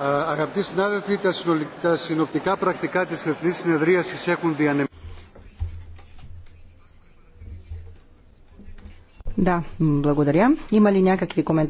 Αγαπητοί συνάδελφοι, τα συνοπτικά πρακτικά της Εθνής Συνεδρίασης έχουν διανεμηθεί. Да, благодаря. Има ли някакви коментари?